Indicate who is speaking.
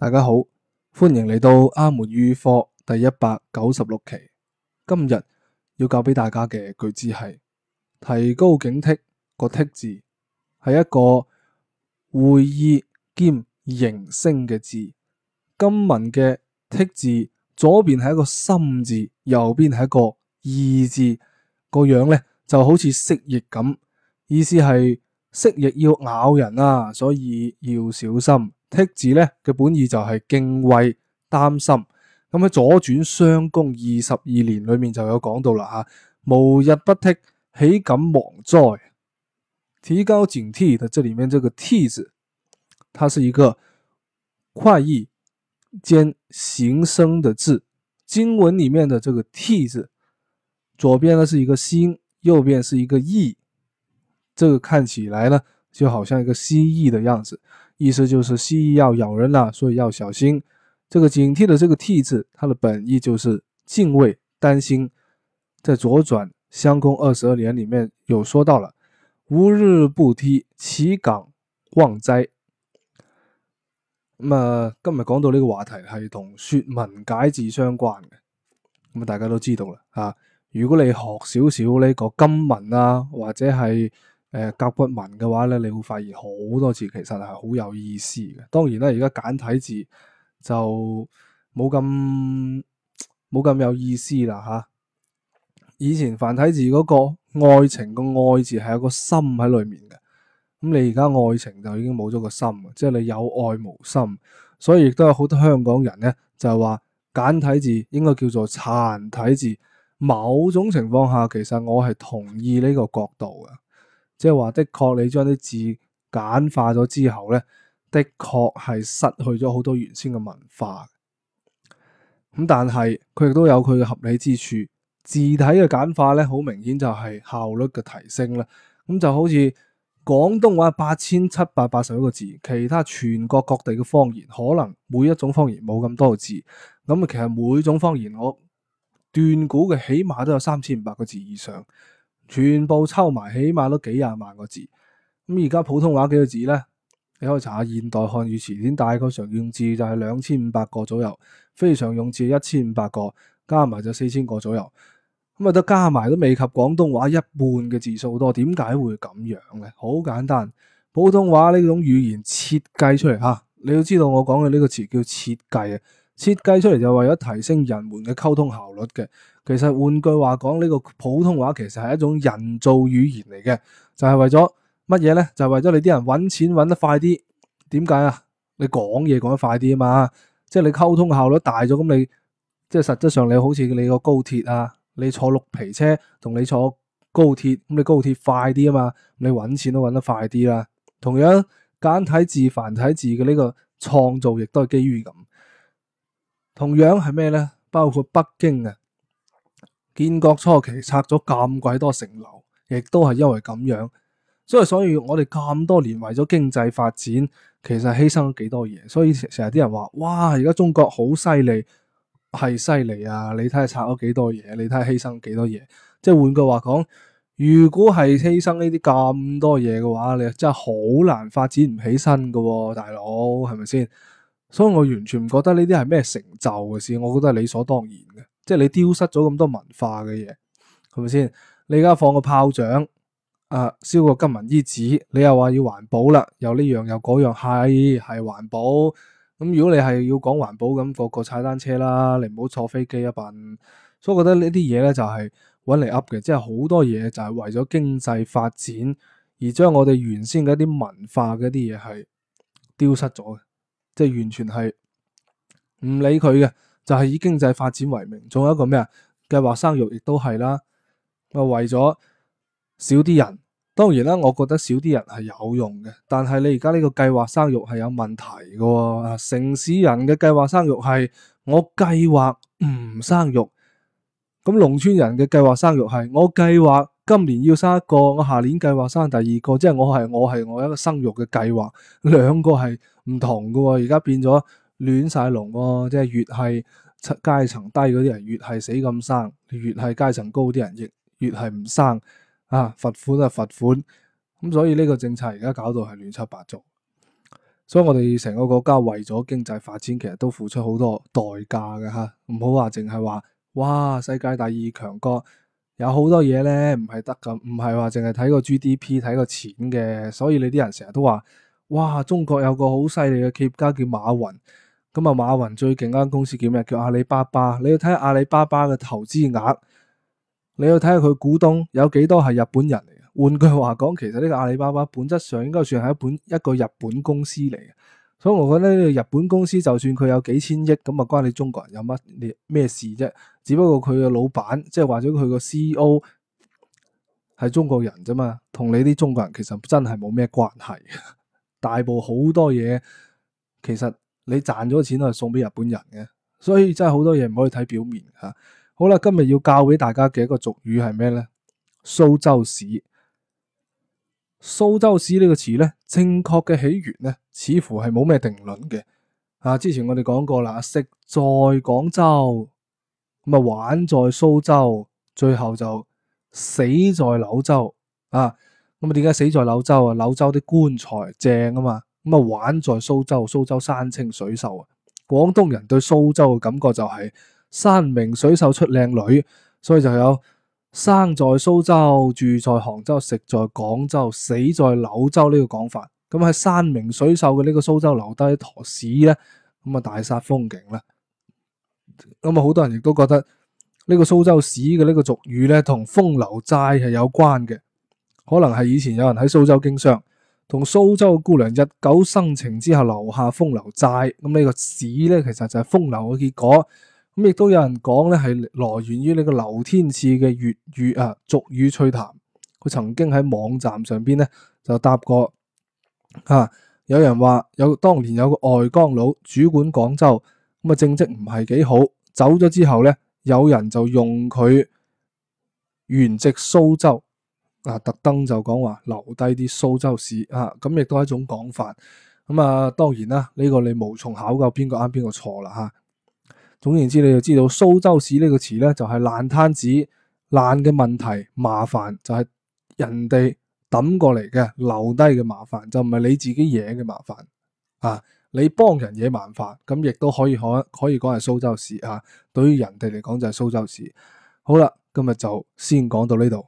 Speaker 1: 大家好，歡迎嚟到阿門粵語課第一百九十六期。今日要教俾大家嘅句子係提高警惕。個惕字係一個會意兼形聲嘅字。金文嘅惕字，左邊係一個心字，右邊係一個易字。個樣咧就好似蜥蜴咁，意思係蜥蜴要咬人啊，所以要小心。惕字咧嘅本意就係敬畏、擔心。咁喺左傳雙公二十二年裏面就有講到啦吓。冇日不惕，豈敢忘哉？提高警惕。它這裏面這個惕字，它是一個會意兼形聲的字。金文裏面的這個惕字，左邊呢是一個心，右邊是一個易。這個看起來呢，就好像一個蜥蜴的樣子。意思就是蜥蜴要咬人啦，所以要小心。這個警惕的這個惕字，它的本意就是敬畏、擔心。在左傳襄公二十二年裏面有說到了，無日不惕，豈敢忘哉？咁、嗯、啊、呃，今日講到呢個話題係同說文解字相關嘅。咁、嗯、大家都知道啦，吓、啊，如果你學少少呢個金文啊，或者係。誒，甲骨文嘅話咧，你會發現好多字其實係好有意思嘅。當然啦，而家簡體字就冇咁冇咁有意思啦吓。以前繁體字嗰個愛情個愛字係有個心喺裏面嘅，咁你而家愛情就已經冇咗個心，即係你有愛無心。所以亦都有好多香港人咧就係話簡體字應該叫做殘體字。某種情況下，其實我係同意呢個角度嘅。即係話的確，你將啲字簡化咗之後呢，的確係失去咗好多原先嘅文化。咁、嗯、但係佢亦都有佢嘅合理之處。字體嘅簡化呢，好明顯就係效率嘅提升啦。咁、嗯、就好似廣東話八千七百八十一個字，其他全國各地嘅方言，可能每一種方言冇咁多個字。咁、嗯、啊，其實每種方言，我斷估嘅起碼都有三千五百個字以上。全部抽埋，起碼都幾廿萬個字。咁而家普通話幾個字呢，你可以查下《現代漢語詞典》，大概常用字就係兩千五百個左右，非常用字一千五百個，加埋就四千個左右。咁啊，都加埋都未及廣東話一半嘅字數多。點解會咁樣呢？好簡單，普通話呢種語言設計出嚟嚇、啊。你要知道我講，我講嘅呢個詞叫設計啊。設計出嚟就為咗提升人們嘅溝通效率嘅。其實換句話講，呢、這個普通話其實係一種人造語言嚟嘅，就係、是、為咗乜嘢咧？就係、是、為咗你啲人搵錢搵得快啲。點解啊？你講嘢講得快啲啊嘛，即係你溝通效率大咗，咁你即係實質上你好似你個高鐵啊，你坐綠皮車同你坐高鐵，咁你高鐵快啲啊嘛，你搵錢都搵得快啲啦。同樣簡體字、繁體字嘅呢個創造基於，亦都係基於咁。同樣係咩呢？包括北京啊，建國初期拆咗咁鬼多城樓，亦都係因為咁樣。所以，所以我哋咁多年為咗經濟發展，其實犧牲咗幾多嘢。所以成日啲人話：哇，而家中國好犀利，係犀利啊！你睇下拆咗幾多嘢，你睇下犧牲幾多嘢。即係換句話講，如果係犧牲呢啲咁多嘢嘅話，你真係好難發展唔起身㗎喎，大佬係咪先？所以我完全唔覺得呢啲係咩成就嘅事，我覺得理所當然嘅。即係你丟失咗咁多文化嘅嘢，係咪先？你而家放個炮仗，誒、啊，燒個金文衣紙，你又話要環保啦，又呢樣又嗰樣，係係環保。咁如果你係要講環保，咁、那個個踩單車啦，你唔好坐飛機啊笨。所以我覺得呢啲嘢咧就係搵嚟噏嘅，即係好多嘢就係為咗經濟發展而將我哋原先嘅啲文化嘅啲嘢係丟失咗嘅。即係完全係唔理佢嘅，就係以經濟發展為名，仲有一個咩啊？計劃生育亦都係啦，咪為咗少啲人。當然啦，我覺得少啲人係有用嘅，但係你而家呢個計劃生育係有問題嘅。城市人嘅計劃生育係我計劃唔生育，咁農村人嘅計劃生育係我計劃。今年要生一個，我下年計劃生第二個，即係我係我係我一個生育嘅計劃，兩個係唔同噶、喎。而家變咗亂晒龍、喎，即係越係階層低嗰啲人越係死咁生，越係階層高啲人亦越係唔生啊！罰款啊罰款！咁、嗯、所以呢個政策而家搞到係亂七八糟，所以我哋成個國家為咗經濟發展，其實都付出好多代價嘅吓，唔好話淨係話哇世界第二強國。有好多嘢咧，唔係得㗎，唔係話淨係睇個 GDP，睇個錢嘅。所以你啲人成日都話：哇，中國有個好犀利嘅企業家叫馬雲。咁啊，馬雲最近間公司叫咩？叫阿里巴巴。你要睇下阿里巴巴嘅投資額，你要睇下佢股東有幾多係日本人嚟嘅。換句話講，其實呢個阿里巴巴本質上應該算係一本一個日本公司嚟嘅。所以我覺得日本公司就算佢有幾千億咁啊，關你中國人有乜你咩事啫？只不過佢嘅老闆即係話咗佢個 CEO 係中國人啫嘛，同你啲中國人其實真係冇咩關係。大部好多嘢，其實你賺咗錢都係送俾日本人嘅，所以真係好多嘢唔可以睇表面吓。好啦，今日要教俾大家嘅一個俗語係咩咧？蘇州屎蘇州屎呢個詞呢，正確嘅起源呢，似乎係冇咩定論嘅。啊，之前我哋講過啦，食在廣州，咁啊玩在蘇州，最後就死在柳州。啊，咁啊點解死在柳州啊？柳州啲棺材正啊嘛，咁啊玩在蘇州，蘇州山清水秀啊。廣東人對蘇州嘅感覺就係山明水秀出靚女，所以就有。生在蘇州，住在杭州，食在廣州，死在柳州呢個講法，咁喺山明水秀嘅呢個蘇州留低一坨屎咧，咁啊大煞風景啦。咁啊，好多人亦都覺得呢個蘇州屎嘅呢個俗語咧，同風流債係有關嘅，可能係以前有人喺蘇州經商，同蘇州姑娘日久生情之後留下風流債，咁呢個屎咧，其實就係風流嘅結果。咁亦都有人講咧，係來源於呢個劉天賜嘅粵語啊俗語趣談。佢曾經喺網站上邊咧就答過啊，有人話有當年有個外江佬主管廣州，咁啊政績唔係幾好，走咗之後咧，有人就用佢原籍蘇州啊，特登就講話留低啲蘇州屎啊，咁亦都係一種講法。咁啊，當然啦，呢個你無從考究邊個啱邊個錯啦嚇。啊。總言之，你就知道蘇州屎呢個詞咧，就係爛攤子、爛嘅問題、麻煩，就係、是、人哋抌過嚟嘅留低嘅麻煩，就唔係你自己惹嘅麻煩啊！你幫人惹麻煩，咁亦都可以可可以講係蘇州屎啊。對於人哋嚟講就係蘇州屎。好啦，今日就先講到呢度。